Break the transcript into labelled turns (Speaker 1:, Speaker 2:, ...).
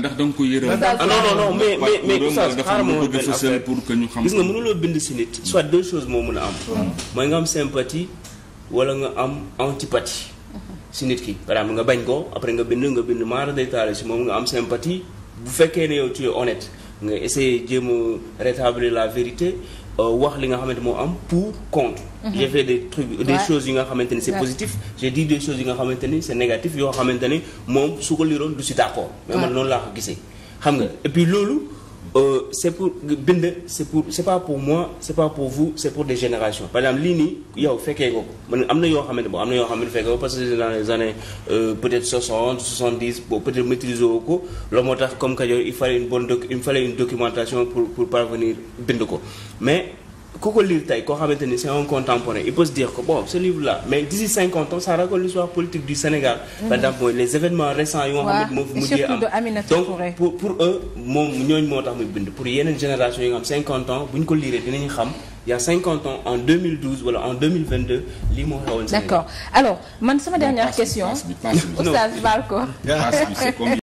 Speaker 1: ndax da nga ko yëral. ah non non non mais mais mais oustaz xaaral ma bëgg fësal pour nga mënuloo bind si nit. soit deux choses moo mën a am. mooy nga am sympathie wala nga am antipathie. si nit ki par exemple nga bañ ko après nga bind nga bind maara day taale si moom nga am sympathie bu fekkee ne yow tu es nga essayer jéem a la vérité Euh, wax li nga xamante moo am pour contre mhm. j'ai fait des trucs des choses yi nga xamante ni c'est positif j'ai dit des choses yi nga xamante ni c'est négatif yoo xamante ni moom su ko liroon du si d'accord mais man noonu laa ko gisee xam nga et loolu Euh, c'est pour bind c'est pour c'est pas pour moi c'est pas pour vous c'est pour des générations par exemple lii ni yow fekkee ko man am na yoo xamante bon am na yoo xamante ne fekkee ko parce que dans les années euh, peut-être 60 70 bon peut-être maîtriser ko loolu moo tax comme que il fallait une bonne doc il fallait une documentation pour pour parvenir bind ko mais ku ko lire tey koo xamante ni c'est un contemporain il peut se dire que bon ce livre là mais d'ici cinquante ans ça raconte l'histoire politique du Sénégal. par mhm. mooy les événements récents yi nga xam moo fi mujjee am donc pour pour eux moom ñooñu moo tax muy bind pour yeneen génération yi nga xam cinquante ans bu ñu ko lire dinañu xam il a cinquante ans en 2012 wala en 2022 lii moo xewoon Sénégal. d'accord alors man sama dernière question. Oustaz Balko